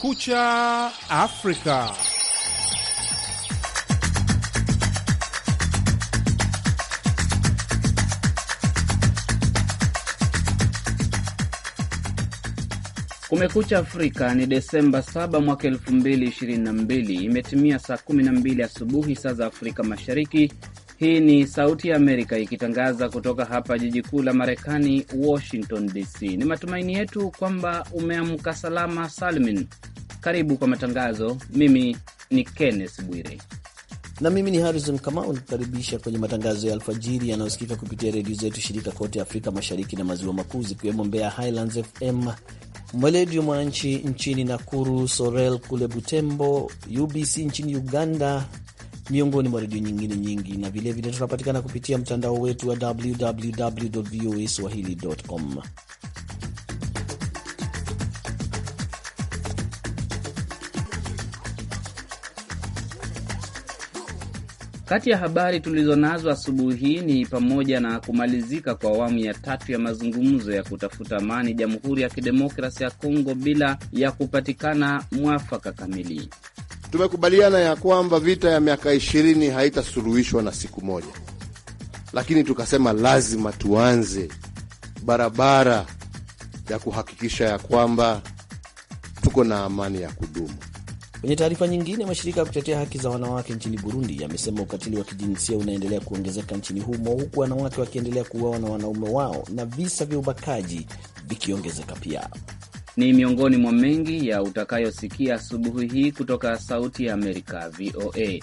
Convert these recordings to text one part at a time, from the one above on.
Kumekucha Afrika. Kumekucha Afrika ni Desemba 7 mwaka 2022, imetimia saa 12 asubuhi saa za Afrika Mashariki. Hii ni Sauti ya Amerika ikitangaza kutoka hapa jiji kuu la Marekani, Washington DC. Ni matumaini yetu kwamba umeamka salama salmin. Karibu kwa matangazo. Mimi ni Kenneth Bwire na mimi ni Harrison Kamau nikukaribisha kwenye matangazo ya alfajiri yanayosikika kupitia redio zetu shirika kote Afrika Mashariki na Maziwa Makuu, zikiwemo Mbeya Highlands FM, Mweledio Mwananchi nchini Nakuru, Sorel kule Butembo, UBC nchini Uganda, miongoni mwa redio nyingine nyingi, na vilevile tunapatikana kupitia mtandao wetu wa www voa swahili.com. Kati ya habari tulizonazo asubuhi hii ni pamoja na kumalizika kwa awamu ya tatu ya mazungumzo ya kutafuta amani Jamhuri ya kidemokrasi ya Kongo bila ya kupatikana mwafaka kamili. Tumekubaliana ya kwamba vita ya miaka ishirini haitasuluhishwa na siku moja, lakini tukasema lazima tuanze barabara ya kuhakikisha ya kwamba tuko na amani ya kudumu. Kwenye taarifa nyingine, mashirika ya kutetea haki za wanawake nchini Burundi yamesema ukatili wa kijinsia unaendelea kuongezeka nchini humo, huku wanawake wakiendelea kuuawa na wanaume wao na visa vya ubakaji vikiongezeka pia. Ni miongoni mwa mengi ya utakayosikia asubuhi hii kutoka Sauti ya Amerika, VOA.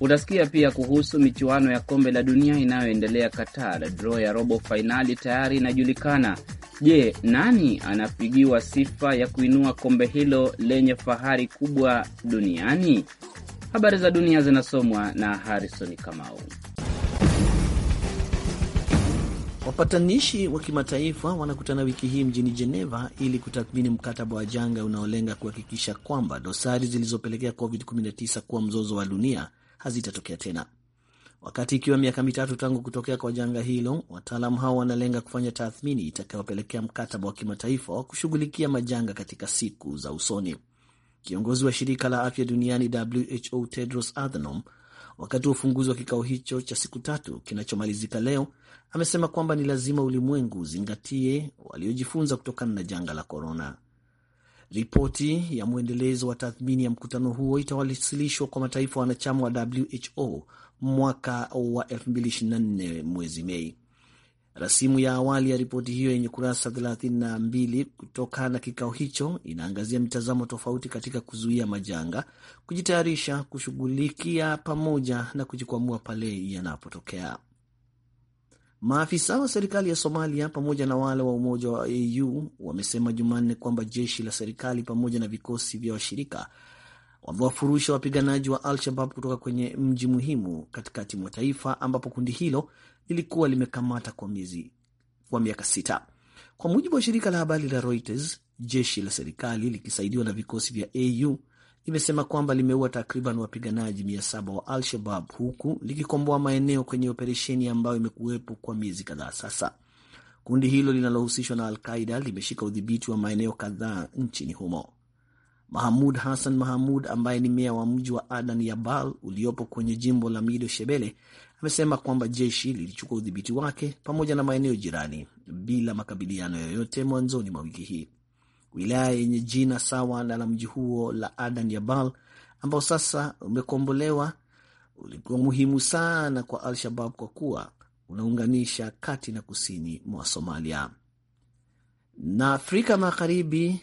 Utasikia pia kuhusu michuano ya kombe la dunia inayoendelea Qatar. Draw ya robo fainali tayari inajulikana Je, nani anapigiwa sifa ya kuinua kombe hilo lenye fahari kubwa duniani? Habari za dunia zinasomwa na Harrison Kamau. Wapatanishi wa kimataifa wanakutana wiki hii mjini Geneva ili kutathmini mkataba wa janga unaolenga kuhakikisha kwamba dosari zilizopelekea COVID-19 kuwa mzozo wa dunia hazitatokea tena. Wakati ikiwa miaka mitatu tangu kutokea kwa janga hilo, wataalamu hao wanalenga kufanya tathmini itakayopelekea mkataba wa kimataifa wa kushughulikia majanga katika siku za usoni. Kiongozi wa shirika la afya duniani WHO Tedros Adhanom wakati wa ufunguzi wa kikao hicho cha siku tatu kinachomalizika leo amesema kwamba ni lazima ulimwengu uzingatie waliojifunza kutokana na janga la korona. Ripoti ya mwendelezo wa tathmini ya mkutano huo itawasilishwa kwa mataifa wanachama wa WHO mwaka wa 2024 mwezi Mei. Rasimu ya awali ya ripoti hiyo yenye kurasa 32 kutoka na kikao hicho inaangazia mitazamo tofauti katika kuzuia majanga, kujitayarisha, kushughulikia pamoja na kujikwamua pale yanapotokea. Maafisa wa serikali ya Somalia pamoja na wale wa Umoja wa AU wamesema Jumanne kwamba jeshi la serikali pamoja na vikosi vya washirika wamewafurusha wapiganaji wa Al-Shabab kutoka kwenye mji muhimu katikati mwa taifa ambapo kundi hilo lilikuwa limekamata kwa miezi kwa miaka sita, kwa mujibu wa shirika la habari la Reuters. Jeshi la serikali likisaidiwa na vikosi vya AU imesema kwamba limeua takriban wapiganaji saba wa Al-Shabab huku likikomboa maeneo kwenye operesheni ambayo imekuwepo kwa miezi kadhaa sasa. Kundi hilo linalohusishwa na Al-Qaida limeshika udhibiti wa maeneo kadhaa nchini humo. Mahamud Hassan Mahamud ambaye ni meya wa mji wa Adan Yabal uliopo kwenye jimbo la Mido Shebele amesema kwamba jeshi lilichukua udhibiti wake pamoja na maeneo jirani bila makabiliano yoyote mwanzoni mwa wiki hii wilaya yenye jina sawa na la mji huo la Adan Yabal ambao sasa umekombolewa ulikuwa muhimu sana kwa Al-Shabab kwa kuwa unaunganisha kati na kusini mwa Somalia. Na Afrika Magharibi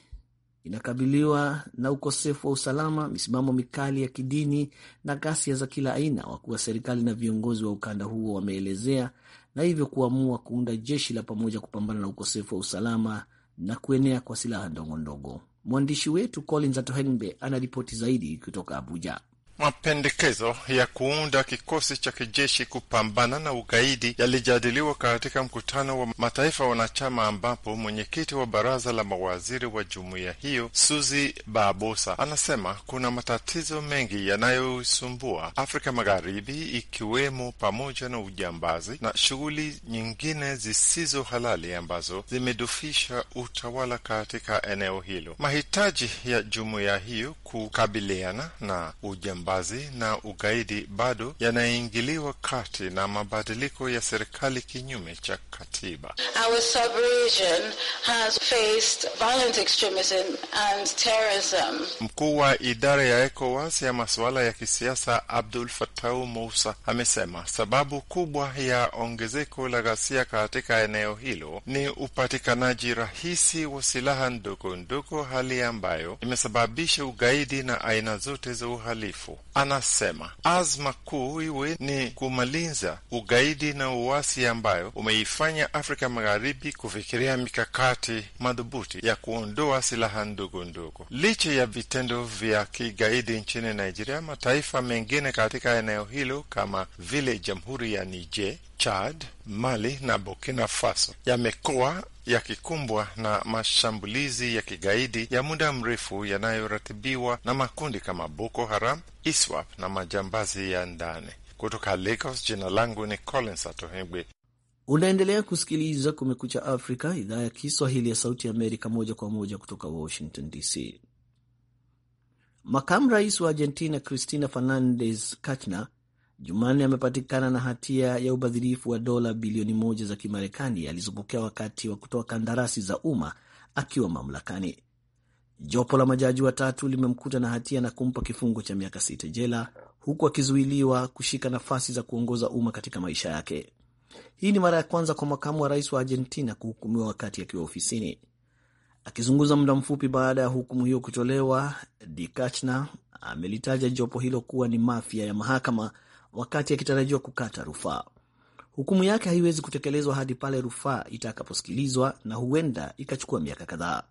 inakabiliwa na ukosefu wa usalama, misimamo mikali ya kidini na ghasia za kila aina, wakuwa serikali na viongozi wa ukanda huo wameelezea na hivyo kuamua kuunda jeshi la pamoja kupambana na ukosefu wa usalama na kuenea kwa silaha ndogo ndogo. Mwandishi wetu Collins atohenbe anaripoti zaidi kutoka Abuja. Mapendekezo ya kuunda kikosi cha kijeshi kupambana na ugaidi yalijadiliwa katika mkutano wa mataifa wanachama, ambapo mwenyekiti wa baraza la mawaziri wa jumuiya hiyo Suzi Babosa anasema kuna matatizo mengi yanayosumbua Afrika Magharibi, ikiwemo pamoja na ujambazi na shughuli nyingine zisizo halali ambazo zimedufisha utawala katika eneo hilo. Mahitaji ya jumuiya hiyo kukabiliana na ujambazi ujambazi na ugaidi bado yanaingiliwa kati na mabadiliko ya serikali kinyume cha katiba. Our sub-region has faced violent extremism and terrorism. Mkuu wa idara ya ECOWAS ya masuala ya kisiasa Abdul Fatau Mousa amesema sababu kubwa ya ongezeko la ghasia katika eneo hilo ni upatikanaji rahisi wa silaha ndogo ndogo, hali ambayo imesababisha ugaidi na aina zote za uhalifu anasema azma kuu iwe ni kumaliza ugaidi na uasi ambayo umeifanya Afrika Magharibi kufikiria mikakati madhubuti ya kuondoa silaha ndogo ndogo. Licha ya vitendo vya kigaidi nchini Nigeria, mataifa mengine katika eneo hilo kama vile Jamhuri ya Niger, Chad, Mali na Burkina Faso yamekuwa yakikumbwa na mashambulizi ya kigaidi ya muda mrefu yanayoratibiwa na makundi kama Boko Haram, ISWAP na majambazi ya ndani. Kutoka Lagos, jina langu ni Collins Atohegwe. Unaendelea kusikiliza Kumekucha Afrika, idhaa ya Kiswahili ya Sauti ya Amerika, moja kwa moja kutoka Washington DC. Makamu rais wa Argentina Cristina Fernandez Kirchner Jumanne amepatikana na hatia ya ubadhirifu wa dola bilioni moja za Kimarekani alizopokea wakati wa kutoa kandarasi za umma akiwa mamlakani. Jopo la majaji watatu limemkuta na hatia na kumpa kifungo cha miaka sita jela huku akizuiliwa kushika nafasi za kuongoza umma katika maisha yake. Hii ni mara ya kwanza kwa makamu wa rais wa Argentina kuhukumiwa wakati akiwa ofisini. Akizungumza muda mfupi baada ya hukumu hiyo kutolewa, Di Kachna amelitaja jopo hilo kuwa ni mafia ya mahakama wakati akitarajiwa kukata rufaa. Hukumu yake haiwezi kutekelezwa hadi pale rufaa itakaposikilizwa na huenda ikachukua miaka kadhaa.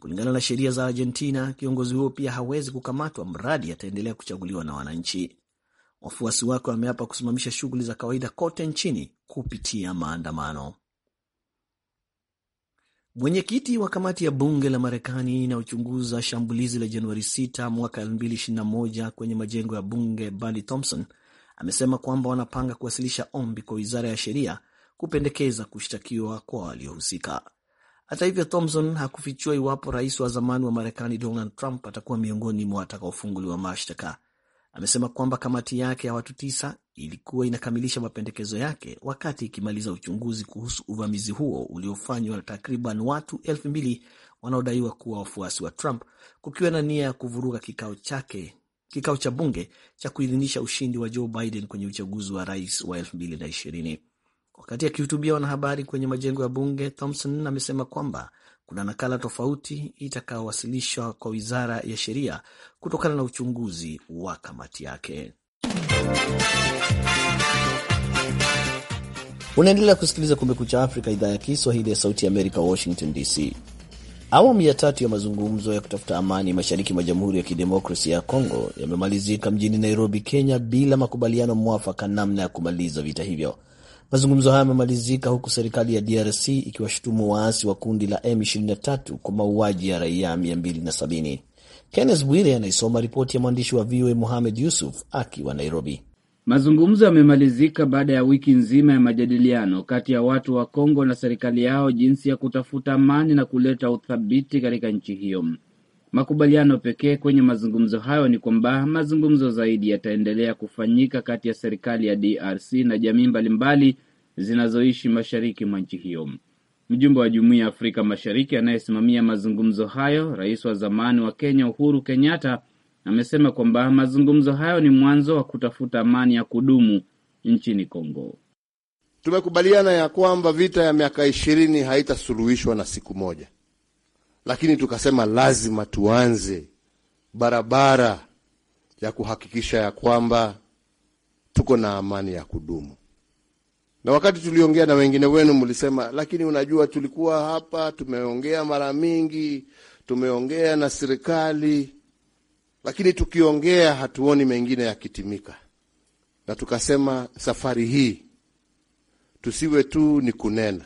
Kulingana na sheria za Argentina, kiongozi huo pia hawezi kukamatwa mradi ataendelea kuchaguliwa na wananchi. Wafuasi wake wameapa kusimamisha shughuli za kawaida kote nchini kupitia maandamano. Mwenyekiti wa kamati ya bunge la Marekani inayochunguza shambulizi la Januari 6 mwaka 2021 kwenye majengo ya bunge Bunny Thompson amesema kwamba wanapanga kuwasilisha ombi kwa wizara ya sheria kupendekeza kushtakiwa kwa waliohusika. Hata hivyo, Thompson hakufichua iwapo rais wa zamani wa Marekani Donald Trump atakuwa miongoni mwa watakaofunguliwa mashtaka. Amesema kwamba kamati yake ya watu tisa ilikuwa inakamilisha mapendekezo yake wakati ikimaliza uchunguzi kuhusu uvamizi huo uliofanywa takriban watu elfu mbili wanaodaiwa kuwa wafuasi wa Trump, kukiwa na nia ya kuvuruga kikao chake kikao cha bunge cha kuidhinisha ushindi wa Joe Biden kwenye uchaguzi wa rais wa 2020. Wakati akihutubia wanahabari kwenye majengo ya bunge, Thompson amesema kwamba kuna nakala tofauti itakayowasilishwa kwa wizara ya sheria kutokana na uchunguzi wa kamati yake. Unaendelea kusikiliza Kumekucha Afrika, idhaa ya Kiswahili ya Sauti ya Amerika, Washington DC. Awamu ya tatu ya mazungumzo ya kutafuta amani mashariki mwa Jamhuri ya Kidemokrasia ya Kongo yamemalizika mjini Nairobi, Kenya, bila makubaliano mwafaka namna ya kumaliza vita hivyo. Mazungumzo hayo yamemalizika huku serikali ya DRC ikiwashutumu waasi wa kundi la M23 kwa mauaji ya raia 270. Kenneth Bwire anaisoma ripoti ya mwandishi wa VOA Mohamed Yusuf akiwa Nairobi. Mazungumzo yamemalizika baada ya wiki nzima ya majadiliano kati ya watu wa Kongo na serikali yao jinsi ya kutafuta amani na kuleta uthabiti katika nchi hiyo. Makubaliano pekee kwenye mazungumzo hayo ni kwamba mazungumzo zaidi yataendelea kufanyika kati ya serikali ya DRC na jamii mbalimbali zinazoishi mashariki mwa nchi hiyo. Mjumbe wa Jumuiya ya Afrika Mashariki anayesimamia mazungumzo hayo, rais wa zamani wa Kenya Uhuru Kenyatta amesema kwamba mazungumzo hayo ni mwanzo wa kutafuta amani ya kudumu nchini Kongo. Tumekubaliana ya kwamba vita ya miaka ishirini haitasuluhishwa na siku moja, lakini tukasema lazima tuanze barabara ya kuhakikisha ya kwamba tuko na amani ya kudumu. Na wakati tuliongea na wengine wenu, mlisema lakini unajua, tulikuwa hapa tumeongea mara mingi, tumeongea na serikali lakini tukiongea hatuoni mengine yakitimika, na tukasema safari hii tusiwe tu ni kunena,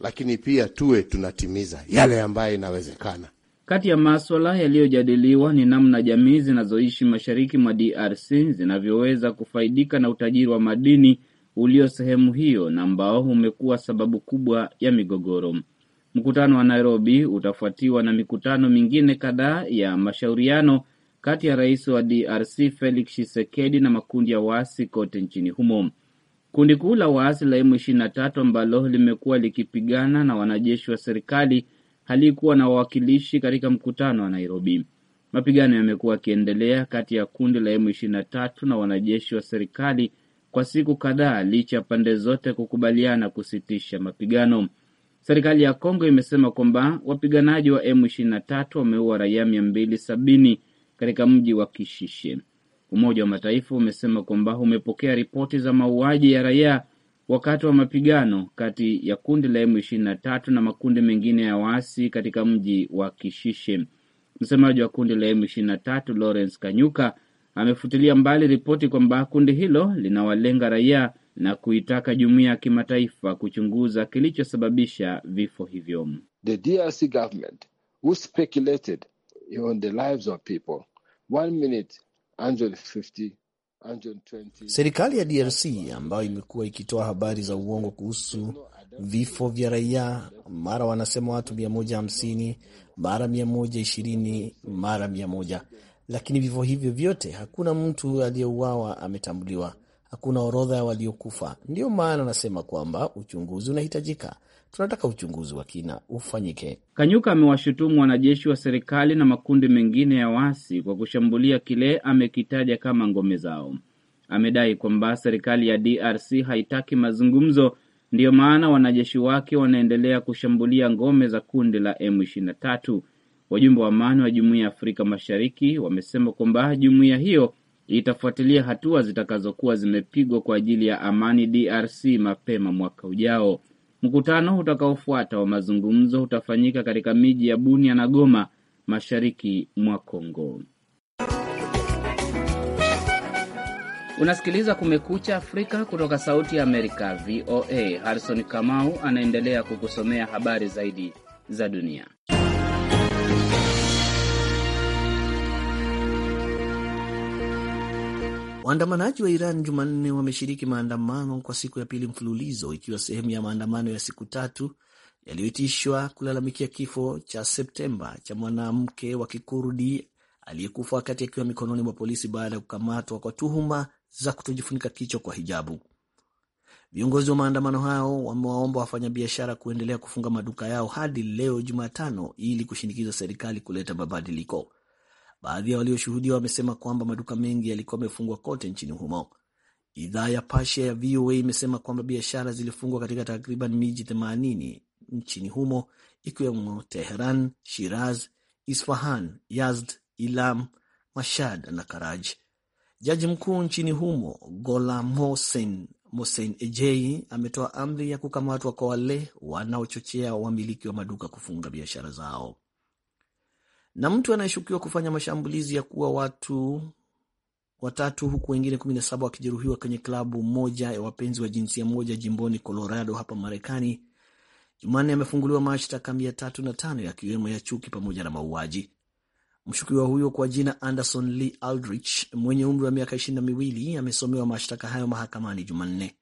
lakini pia tuwe tunatimiza yale ambayo inawezekana. Kati ya maswala yaliyojadiliwa ni namna jamii zinazoishi mashariki mwa DRC zinavyoweza kufaidika na utajiri wa madini ulio sehemu hiyo na ambao umekuwa sababu kubwa ya migogoro. Mkutano wa Nairobi utafuatiwa na mikutano mingine kadhaa ya mashauriano kati ya rais wa DRC Felix Tshisekedi na makundi ya waasi kote nchini humo. Kundi kuu la waasi la M23 ambalo limekuwa likipigana na wanajeshi wa serikali halikuwa na wawakilishi katika mkutano wa Nairobi. Mapigano yamekuwa yakiendelea kati ya kundi la M23 na wanajeshi wa serikali kwa siku kadhaa, licha ya pande zote kukubaliana kusitisha mapigano. Serikali ya Kongo imesema kwamba wapiganaji wa M23 wameua raia 270 katika mji wa Kishishe. Umoja wa Mataifa umesema kwamba umepokea ripoti za mauaji ya raia wakati wa mapigano kati ya kundi la M23 na makundi mengine ya waasi katika mji wa Kishishe. Msemaji wa kundi la M23 Lawrence Kanyuka amefutilia mbali ripoti kwamba kundi hilo linawalenga raia na kuitaka jumuiya ya kimataifa kuchunguza kilichosababisha vifo hivyo. The DRC government who speculated on the lives of people One minute, 150, Serikali ya DRC ambayo imekuwa ikitoa habari za uongo kuhusu vifo vya raia, mara wanasema watu 150, mara 120, mara 100, lakini vifo hivyo vyote hakuna mtu aliyeuawa ametambuliwa, hakuna orodha ya waliokufa. Ndiyo maana anasema kwamba uchunguzi unahitajika tunataka uchunguzi wa kina ufanyike. Kanyuka amewashutumu wanajeshi wa serikali na makundi mengine ya waasi kwa kushambulia kile amekitaja kama ngome zao. Amedai kwamba serikali ya DRC haitaki mazungumzo, ndiyo maana wanajeshi wake wanaendelea kushambulia ngome za kundi la M23. Wajumbe wa amani wa Jumuiya ya Afrika Mashariki wamesema kwamba jumuiya hiyo itafuatilia hatua zitakazokuwa zimepigwa kwa ajili ya amani DRC mapema mwaka ujao. Mkutano utakaofuata wa mazungumzo utafanyika katika miji ya Bunia na Goma mashariki mwa Kongo. Unasikiliza Kumekucha Afrika kutoka Sauti ya Amerika, VOA. Harrison Kamau anaendelea kukusomea habari zaidi za dunia. Waandamanaji wa Iran Jumanne wameshiriki maandamano kwa siku ya pili mfululizo, ikiwa sehemu ya maandamano ya siku tatu yaliyoitishwa kulalamikia kifo cha Septemba cha mwanamke wa Kikurdi aliyekufa wakati akiwa mikononi mwa polisi baada ya kukamatwa kwa tuhuma za kutojifunika kichwa kwa hijabu. Viongozi wa maandamano hayo wamewaomba wafanyabiashara kuendelea kufunga maduka yao hadi leo Jumatano ili kushinikiza serikali kuleta mabadiliko. Baadhi ya walioshuhudia wamesema kwamba maduka mengi yalikuwa yamefungwa kote nchini humo. Idhaa ya pasha ya VOA imesema kwamba biashara zilifungwa katika takriban miji 80 nchini humo ikiwemo Teheran, Shiraz, Isfahan, Yazd, Ilam, Mashad na Karaj. Jaji mkuu nchini humo Gholam Hossein Mosein Ejei ametoa amri ya kukamatwa kwa wale wanaochochea wamiliki wa maduka kufunga biashara zao na mtu anayeshukiwa kufanya mashambulizi ya kuwa watu watatu huku wengine 17 wakijeruhiwa kwenye klabu moja ya wapenzi wa jinsia moja jimboni Colorado hapa Marekani Jumanne amefunguliwa mashtaka 305 yakiwemo ya chuki pamoja na mauaji. Mshukiwa huyo kwa jina Anderson Lee Aldrich mwenye umri wa miaka ishirini na miwili amesomewa mashtaka hayo mahakamani Jumanne.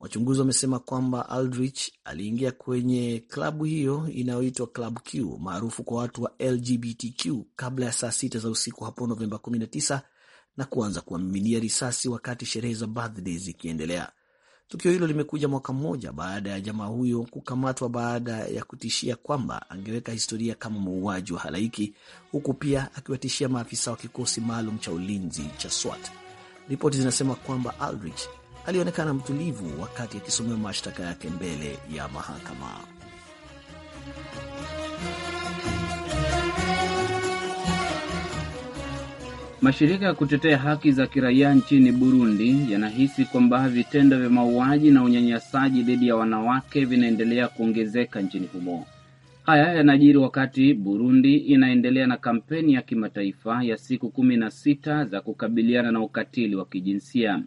Wachunguzi wamesema kwamba Aldrich aliingia kwenye klabu hiyo inayoitwa Club Q maarufu kwa watu wa LGBTQ kabla ya saa sita za usiku hapo Novemba 19 na kuanza kuwamiminia risasi wakati sherehe za birthday zikiendelea. Tukio hilo limekuja mwaka mmoja baada ya jamaa huyo kukamatwa baada ya kutishia kwamba angeweka historia kama muuaji wa halaiki, huku pia akiwatishia maafisa wa kikosi maalum cha ulinzi cha SWAT. Ripoti zinasema kwamba Aldrich alionekana mtulivu wakati akisomewa mashtaka yake mbele ya mahakama. Mashirika ya kutetea haki za kiraia nchini Burundi yanahisi kwamba vitendo vya mauaji na unyanyasaji dhidi ya wanawake vinaendelea kuongezeka nchini humo. Haya yanajiri wakati Burundi inaendelea na kampeni ya kimataifa ya siku kumi na sita za kukabiliana na ukatili wa kijinsia.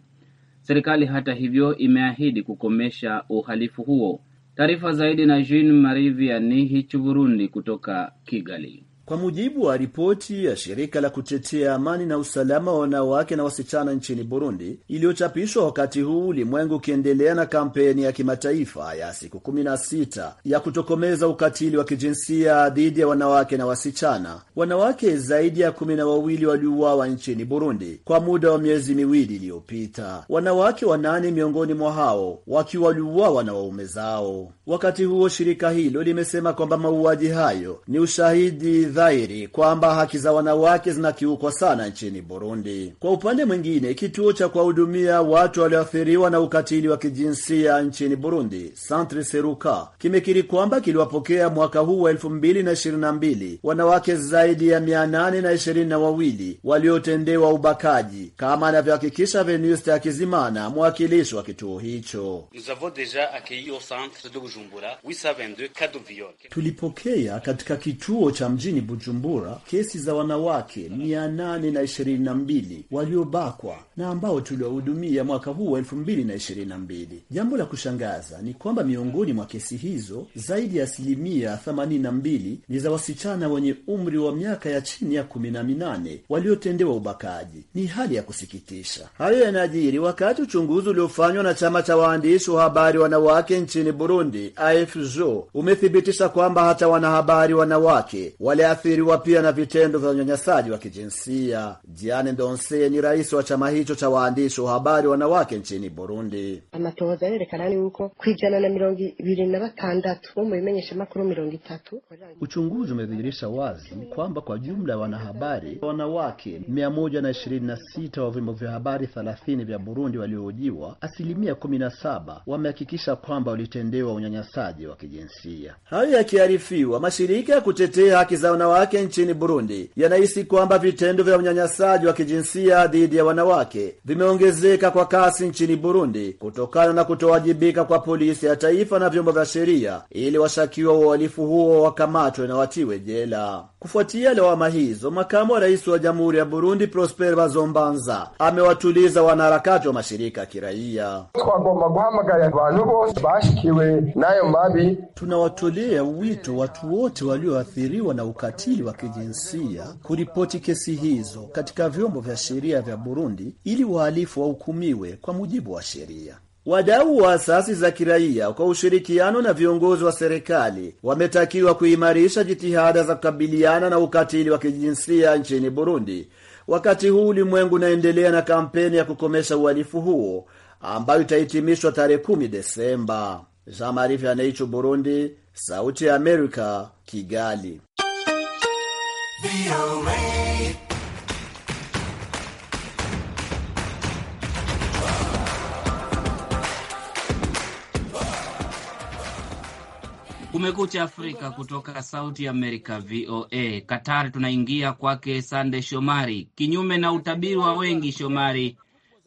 Serikali hata hivyo imeahidi kukomesha uhalifu huo. Taarifa zaidi na Jean Marie Vianney Hichu Burundi kutoka Kigali. Kwa mujibu wa ripoti ya shirika la kutetea amani na usalama wa wanawake na wasichana nchini Burundi iliyochapishwa wakati huu ulimwengu ukiendelea na kampeni ya kimataifa ya siku 16 ya kutokomeza ukatili wa kijinsia dhidi ya wanawake na wasichana, wanawake zaidi ya kumi na wawili waliuawa nchini Burundi kwa muda wa miezi miwili iliyopita, wanawake wanane miongoni mwa hao wakiwa waliuawa na waume zao. Wakati huo shirika hilo limesema kwamba mauaji hayo ni ushahidi dhahiri kwamba haki za wanawake zinakiukwa sana nchini Burundi. Kwa upande mwingine, kituo cha kuwahudumia watu walioathiriwa na ukatili wa kijinsia nchini Burundi, Centre Seruka, kimekiri kwamba kiliwapokea mwaka huu wa 2022 wanawake zaidi ya 822 waliotendewa ubakaji, kama anavyohakikisha venuste Akizimana, mwakilishi wa kituo hicho. Tulipokea katika kituo cha mjini Bujumbura, kesi za wanawake 822 waliobakwa na ambao tuliwahudumia mwaka huu wa 2022. Jambo la kushangaza ni kwamba miongoni mwa kesi hizo zaidi ya asilimia 82 ni za wasichana wenye umri wa miaka ya chini ya 18 waliotendewa ubakaji. Ni hali ya kusikitisha. Hayo yanajiri wakati uchunguzi uliofanywa na chama cha waandishi wa habari wanawake nchini Burundi AFJ umethibitisha kwamba hata wanahabari wanawake wale ameathiriwa pia na vitendo vya unyanyasaji wa kijinsia. Jiane Ndonse ni rais wa chama hicho cha waandishi wa habari wanawake nchini Burundi. amatohoza kwijana na mirongo ibiri na batandatu bo mirongo itatu. Uchunguzi umedhihirisha wazi kwamba kwa jumla ya wanahabari wanawake mia moja na ishirini na sita wa vyombo vya habari thelathini vya Burundi waliohojiwa, asilimia kumi na saba wamehakikisha kwamba walitendewa unyanyasaji wa kijinsia. Hayo yakiarifiwa mashirika ya kutetea haki za wanawake nchini Burundi yanahisi kwamba vitendo vya unyanyasaji wa kijinsia dhidi ya wanawake vimeongezeka kwa kasi nchini Burundi kutokana na kutowajibika kwa polisi ya taifa na vyombo vya sheria ili washakiwa wa uhalifu huo wakamatwe na watiwe jela. Kufuatia lawama hizo, makamu wa rais wa Jamhuri ya Burundi Prosper Bazombanza amewatuliza wanaharakati wa mashirika ya kiraia. Tunawatolea wito watu wote walioathiriwa na ukali ukatili wa kijinsia kuripoti kesi hizo katika vyombo vya sheria vya Burundi ili wahalifu wahukumiwe kwa mujibu wa sheria. Wadau wa asasi za kiraia kwa ushirikiano na viongozi wa serikali wametakiwa kuimarisha jitihada za kukabiliana na ukatili wa kijinsia nchini Burundi, wakati huu ulimwengu unaendelea na kampeni ya kukomesha uhalifu huo ambayo itahitimishwa tarehe 10 Desemba. Jean Marie Burundi, Sauti ya Amerika, Kigali. Kumekucha Afrika kutoka Sauti Amerika, VOA. Qatar tunaingia kwake Sande Shomari. Kinyume na utabiri wa wengi, Shomari,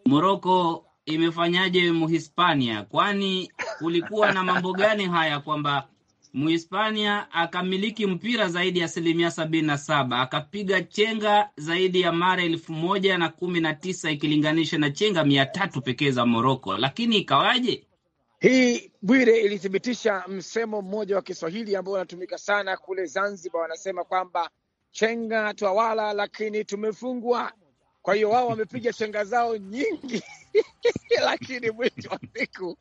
Moroko imefanyaje Mhispania? Kwani kulikuwa na mambo gani haya kwamba Muhispania akamiliki mpira zaidi ya asilimia sabini na saba akapiga chenga zaidi ya mara elfu moja na kumi na tisa ikilinganisha na chenga mia tatu pekee za Moroko. Lakini ikawaje? Hii Bwire ilithibitisha msemo mmoja wa Kiswahili ambao unatumika sana kule Zanzibar, wanasema kwamba chenga twawala lakini tumefungwa. Kwa hiyo wao wamepiga chenga zao nyingi lakini mwisho wa siku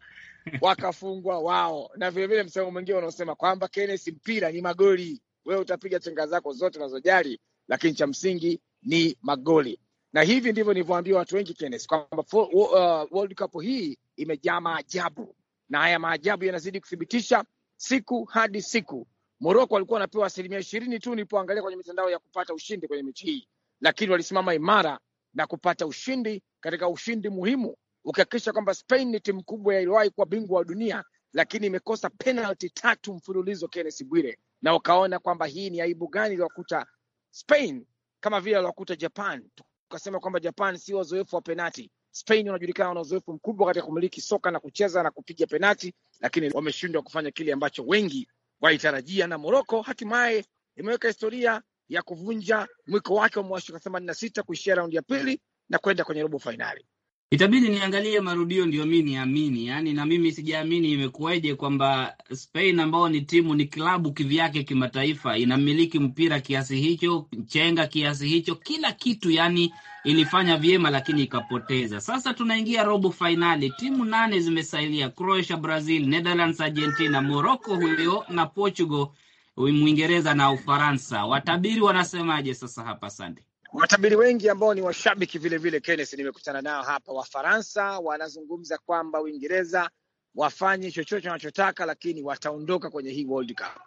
wakafungwa wao, na vilevile msemo mwingine unaosema kwamba Kenneth, mpira ni magoli, wewe utapiga chenga zako zote unazojali, lakini cha msingi ni magoli. Na hivi ndivyo nilivyoambia watu wengi Kenneth, kwamba uh, World Cup hii imejaa maajabu, na haya maajabu yanazidi kuthibitisha siku hadi siku. Moroko walikuwa wanapewa asilimia ishirini tu nilipoangalia kwenye mitandao ya kupata ushindi kwenye mechi hii, lakini walisimama imara na kupata ushindi katika ushindi muhimu ukihakikisha kwamba Spain ni timu kubwa iliwahi kuwa bingwa wa dunia, lakini imekosa penalti tatu mfululizo, Kenneth Bwire, na ukaona kwamba hii ni aibu gani iliwakuta Spain kama vile aliwakuta Japan. Tukasema kwamba Japan sio wazoefu wa penati. Spain wanajulikana na uzoefu mkubwa katika kumiliki soka na kucheza na kupiga penati, lakini wameshindwa kufanya kile ambacho wengi waitarajia. Na Moroko hatimaye imeweka historia ya kuvunja mwiko wake wa mwashika themanini na sita kuishia raundi ya pili na kwenda kwenye robo fainali. Itabidi niangalie marudio ndio mi niamini. Yani na mimi sijaamini imekuwaje kwamba Spain ambao ni timu ni klabu kivyake kimataifa, inamiliki mpira kiasi hicho, chenga kiasi hicho, kila kitu, yani ilifanya vyema, lakini ikapoteza. Sasa tunaingia robo fainali, timu nane zimesailia Croatia, Brazil, Netherlands, Argentina, Morocco huyo na Portugal, Mwingereza na Ufaransa. Watabiri wanasemaje sasa hapa, Sande? Watabiri wengi ambao ni washabiki vilevile, Kenneth, nimekutana nao hapa, Wafaransa wanazungumza kwamba Uingereza wafanye chochote wanachotaka, lakini wataondoka kwenye hii World Cup.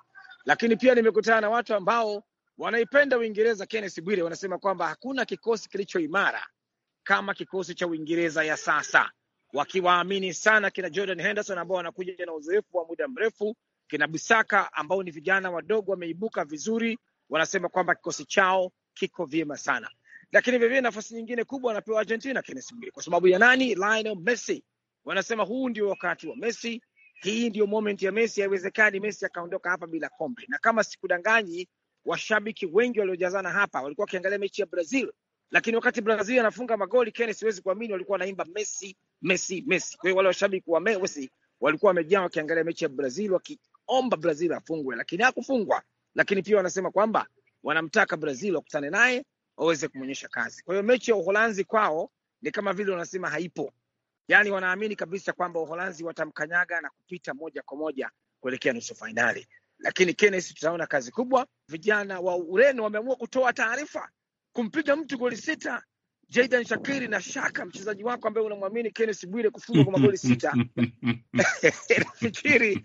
Lakini pia nimekutana na watu ambao wanaipenda Uingereza, Kenneth Bwire, wanasema kwamba hakuna kikosi kilicho imara kama kikosi cha Uingereza ya sasa, wakiwaamini sana kina Jordan Henderson ambao wanakuja na uzoefu wa muda mrefu, kina Bisaka ambao ni vijana wadogo wameibuka vizuri. Wanasema kwamba kikosi chao kiko vyema sana, lakini vilevile nafasi nyingine kubwa anapewa Argentina Kenneth Bwire kwa sababu ya nani? Lionel Messi. Wanasema huu ndio wakati wa Messi, hii ndio moment ya Messi. Haiwezekani Messi akaondoka hapa bila kombe, na kama sikudanganyi, washabiki wengi waliojazana hapa walikuwa wakiangalia mechi ya Brazil, lakini wakati Brazil anafunga magoli Ken, siwezi kuamini, walikuwa wanaimba Messi, Messi, Messi. Kwa hiyo wale washabiki wa Messi walikuwa wamejaa wakiangalia mechi ya Brazil wakiomba Brazil afungwe, lakini hakufungwa. Lakini pia wanasema kwamba wanamtaka Brazil wakutane naye waweze kumwonyesha kazi. Kwa hiyo mechi ya Uholanzi kwao ni kama vile wanasema haipo, yaani wanaamini kabisa kwamba Uholanzi watamkanyaga na kupita moja kwa moja kuelekea nusu fainali. Lakini Kenes, tutaona kazi kubwa. Vijana wa Ureno wameamua kutoa taarifa, kumpiga mtu goli sita Jaydan Shakiri na shaka mchezaji wako ambaye unamwamini Kenneth Bwire kufunga kwa magoli sita. Nafikiri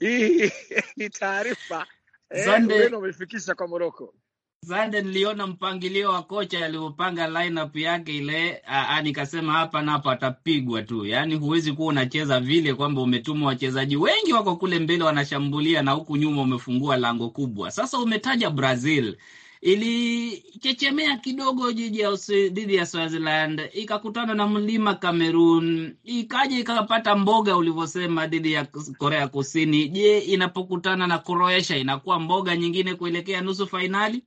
hii ni taarifa Eh, Zande umefikisha kwa Moroko. Zande, niliona mpangilio wa kocha alivyopanga lineup yake ile, nikasema hapa na hapa atapigwa tu. Yaani huwezi kuwa unacheza vile kwamba umetuma wachezaji wengi wako kule mbele wanashambulia, na huku nyuma umefungua lango kubwa. Sasa umetaja Brazil ilichechemea kidogo jiji ya dhidi ya Swaziland, ikakutana na mlima Cameroon, ikaja ikapata mboga ulivyosema dhidi ya Korea Kusini. Je, inapokutana na Croatia inakuwa mboga nyingine kuelekea nusu fainali?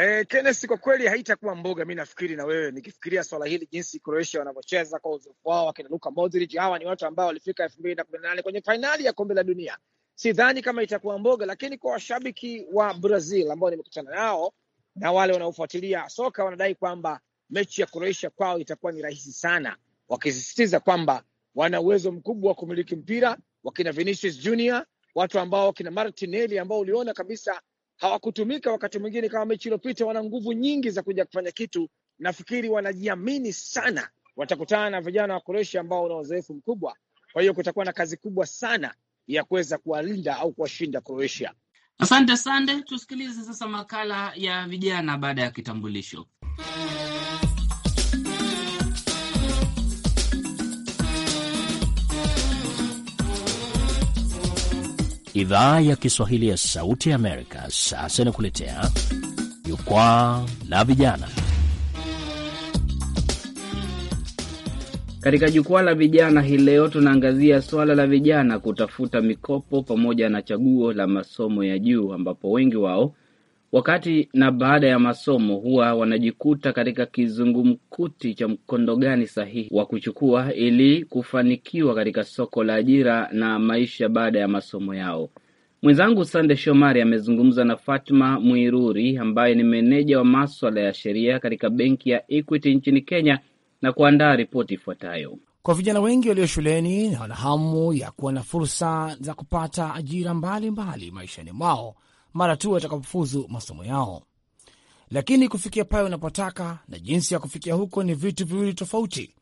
Eh, Kenneth, kwa kweli haitakuwa mboga. Mi nafikiri na wewe, nikifikiria swala hili, jinsi Croatia wanavyocheza kwa uzoefu wao, wakina Luka Modric, hawa ni watu ambao walifika elfu mbili na kumi na nane kwenye fainali ya kombe la dunia. Sidhani kama itakuwa mboga, lakini kwa washabiki wa Brazil ambao nimekutana nao na wale wanaofuatilia soka wanadai kwamba mechi ya Kroatia kwao itakuwa ni rahisi sana, wakisisitiza kwamba wana uwezo mkubwa wa kumiliki mpira, wakina Vinicius Junior, watu ambao wakina Martinelli ambao uliona kabisa hawakutumika wakati mwingine kama mechi iliyopita. Wana nguvu nyingi za kuja kufanya kitu. Nafikiri wanajiamini sana, watakutana na vijana wa Kroatia ambao wana uzoefu mkubwa. Kwa hiyo kutakuwa na kazi kubwa sana ya kuweza kuwalinda au kuwashinda Kroatia. Asante sande. Tusikilize sasa makala ya vijana baada ya kitambulisho. Idhaa ya Kiswahili ya Sauti ya Amerika sasa inakuletea jukwaa la vijana. Katika jukwaa la vijana hii leo tunaangazia swala la vijana kutafuta mikopo pamoja na chaguo la masomo ya juu, ambapo wengi wao wakati na baada ya masomo huwa wanajikuta katika kizungumkuti cha mkondo gani sahihi wa kuchukua ili kufanikiwa katika soko la ajira na maisha baada ya masomo yao. Mwenzangu Sande Shomari amezungumza na Fatma Mwiruri ambaye ni meneja wa maswala ya sheria katika benki ya Equity nchini Kenya na kuandaa ripoti ifuatayo. Kwa vijana wengi walio shuleni na wana hamu ya kuwa na fursa za kupata ajira mbalimbali maishani mwao mara tu watakapofuzu masomo yao, lakini kufikia pale unapotaka na jinsi ya kufikia huko ni vitu viwili tofauti,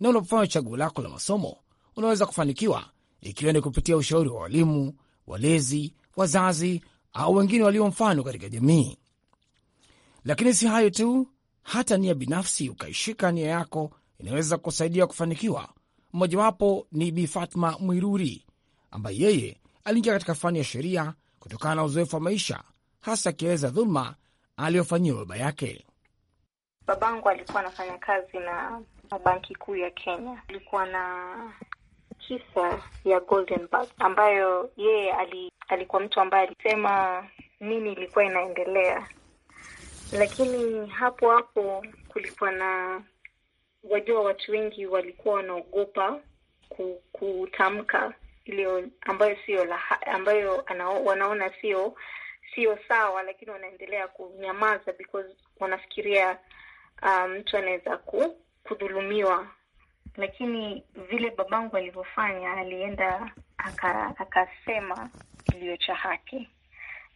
na unapofanya chaguo lako la masomo unaweza kufanikiwa ikiwa ni kupitia ushauri wa walimu, walezi, wazazi au wengine walio mfano katika jamii. Lakini si hayo tu, hata nia binafsi, ukaishika nia yako inaweza kusaidia kufanikiwa. Mmojawapo ni Bi Fatma Mwiruri ambaye yeye aliingia katika fani ya sheria kutokana na uzoefu wa maisha, hasa akieleza dhuluma aliyofanyiwa baba yake. Babangu alikuwa anafanya kazi na Banki Kuu ya Kenya. Alikuwa na kisa ya ambayo yeye ali, alikuwa mtu ambaye alisema nini ilikuwa inaendelea lakini hapo hapo kulikuwa na, wajua, watu wengi walikuwa wanaogopa kutamka iliyo ambayo sio la, ambayo anao, wanaona sio sio sawa, lakini wanaendelea kunyamaza because wanafikiria ah, mtu um, anaweza kudhulumiwa. Lakini vile babangu alivyofanya, alienda akasema aka kilio cha haki,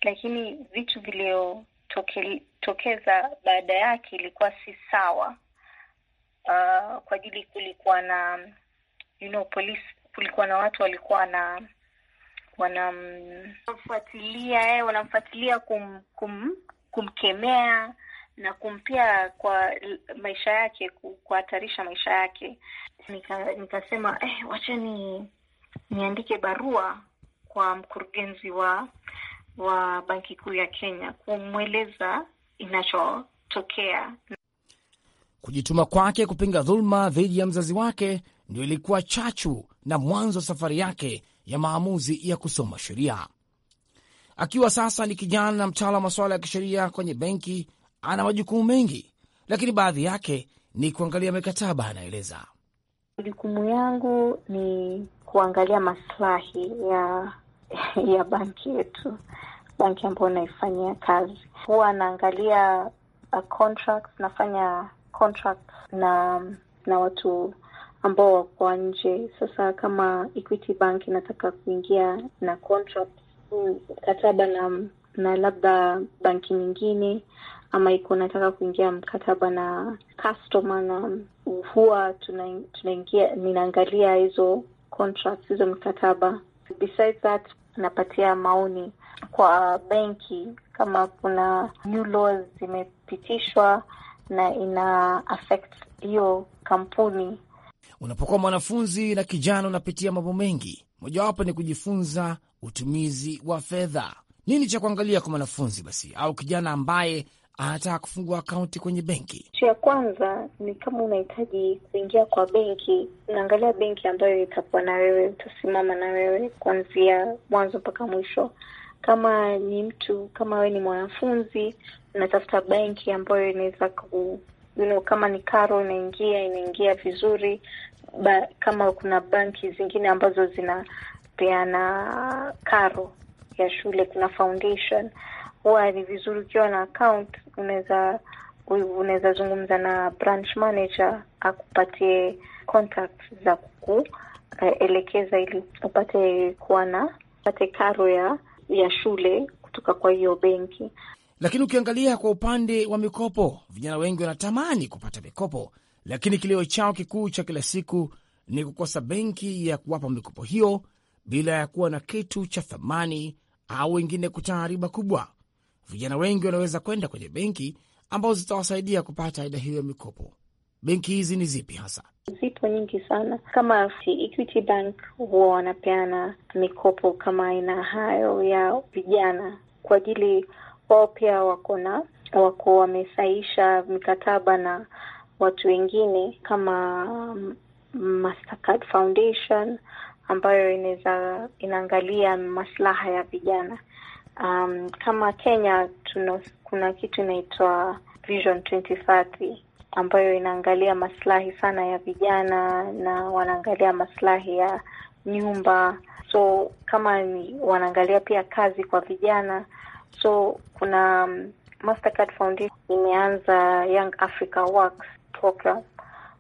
lakini vitu vilio kilichotokeza baada yake ilikuwa si sawa. Uh, kwa ajili kulikuwa na you know, polisi, kulikuwa na watu walikuwa na mm, wanamfuatilia eh, wanamfuatilia kum, kum, kumkemea na kumpia kwa maisha yake, kuhatarisha maisha yake. Nika, nikasema eh, wacha ni niandike barua kwa mkurugenzi wa wa Banki Kuu ya Kenya kumweleza inachotokea. Kujituma kwake kupinga dhuluma dhidi ya mzazi wake ndio ilikuwa chachu na mwanzo wa safari yake ya maamuzi ya kusoma sheria. Akiwa sasa ni kijana na mtaala wa masuala ya kisheria kwenye benki, ana majukumu mengi, lakini baadhi yake ni kuangalia mikataba. Anaeleza, majukumu yangu ni kuangalia maslahi ya ya banki yetu, banki ambayo naifanyia kazi, huwa naangalia uh, contracts, nafanya contracts na na watu ambao wako nje. Sasa kama Equity Bank inataka kuingia na contract mkataba na na labda banki nyingine ama iko nataka kuingia mkataba na customer, na huwa tunaingia, ninaangalia hizo contracts, hizo mkataba. Besides that tunapatia maoni kwa benki kama kuna new laws zimepitishwa na ina affect hiyo kampuni. Unapokuwa mwanafunzi na kijana, unapitia mambo mengi, mojawapo ni kujifunza utumizi wa fedha. Nini cha kuangalia kwa mwanafunzi basi au kijana ambaye anataka kufungua akaunti kwenye benki. Cha ya kwanza ni kama unahitaji kuingia kwa benki, unaangalia benki ambayo itakuwa na wewe, utasimama na wewe kuanzia mwanzo mpaka mwisho. Kama ni mtu kama wewe ni mwanafunzi, unatafuta benki ambayo inaweza ku you know, kama ni karo inaingia inaingia vizuri ba, kama kuna banki zingine ambazo zinapeana karo ya shule, kuna foundation huwa ni vizuri ukiwa na account, unaweza unaweza zungumza na branch manager akupatie contact za kukuelekeza, ili upate kuwa na upate karo ya ya shule kutoka kwa hiyo benki. Lakini ukiangalia kwa upande wa mikopo, vijana wengi wanatamani kupata mikopo, lakini kilio chao kikuu cha kila siku ni kukosa benki ya kuwapa mikopo hiyo bila ya kuwa na kitu cha thamani au wengine kutaariba kubwa vijana wengi wanaweza kwenda kwenye benki ambazo zitawasaidia kupata aina hiyo ya mikopo. Benki hizi ni zipi hasa? Zipo nyingi sana, kama Equity Bank huwa wanapeana mikopo kama aina hayo ya vijana kwa ajili wao, pia wako na wako wamesaisha mikataba na watu wengine kama mm, Mastercard Foundation ambayo inaweza inaangalia maslaha ya vijana. Um, kama Kenya tuna, kuna kitu inaitwa Vision 2030 ambayo inaangalia maslahi sana ya vijana na wanaangalia maslahi ya nyumba, so kama ni wanaangalia pia kazi kwa vijana, so kuna um, Mastercard Foundation imeanza Young Africa Works program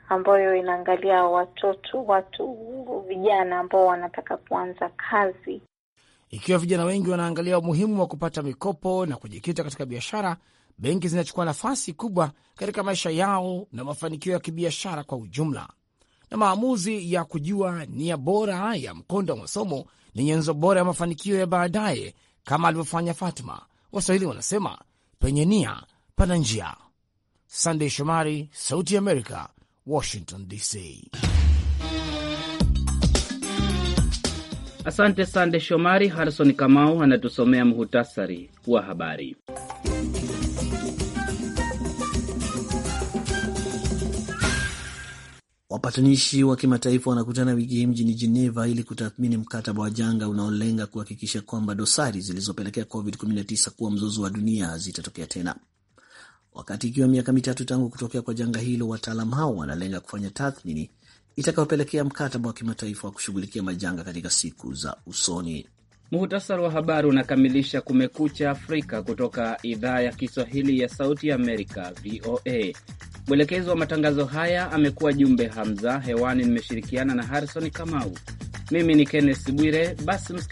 ambayo inaangalia watoto watu vijana ambao wanataka kuanza kazi ikiwa vijana wengi wanaangalia umuhimu wa kupata mikopo na kujikita katika biashara, benki zinachukua nafasi kubwa katika maisha yao na mafanikio ya kibiashara kwa ujumla. Na maamuzi ya kujua nia bora ya mkondo wa masomo ni nyenzo bora ya mafanikio ya baadaye, kama alivyofanya Fatma. Waswahili wanasema penye nia pana njia. Sandey Shomari, Sauti ya Amerika, Washington DC. Asante sande Shomari. Harison Kamau anatusomea muhutasari wa habari. Wapatanishi wa kimataifa wanakutana wiki hii mjini Geneva ili kutathmini mkataba wa janga unaolenga kuhakikisha kwamba dosari zilizopelekea COVID-19 kuwa mzozo wa dunia zitatokea tena. Wakati ikiwa miaka mitatu tangu kutokea kwa janga hilo, wataalam hao wanalenga kufanya tathmini itakayopelekea mkataba wa kimataifa wa kushughulikia majanga katika siku za usoni. Muhtasari wa habari unakamilisha Kumekucha Afrika kutoka idhaa ya Kiswahili ya Sauti Amerika, VOA. Mwelekezi wa matangazo haya amekuwa Jumbe Hamza. Hewani nimeshirikiana na Harrison Kamau. Mimi ni Kenneth Bwire. Basi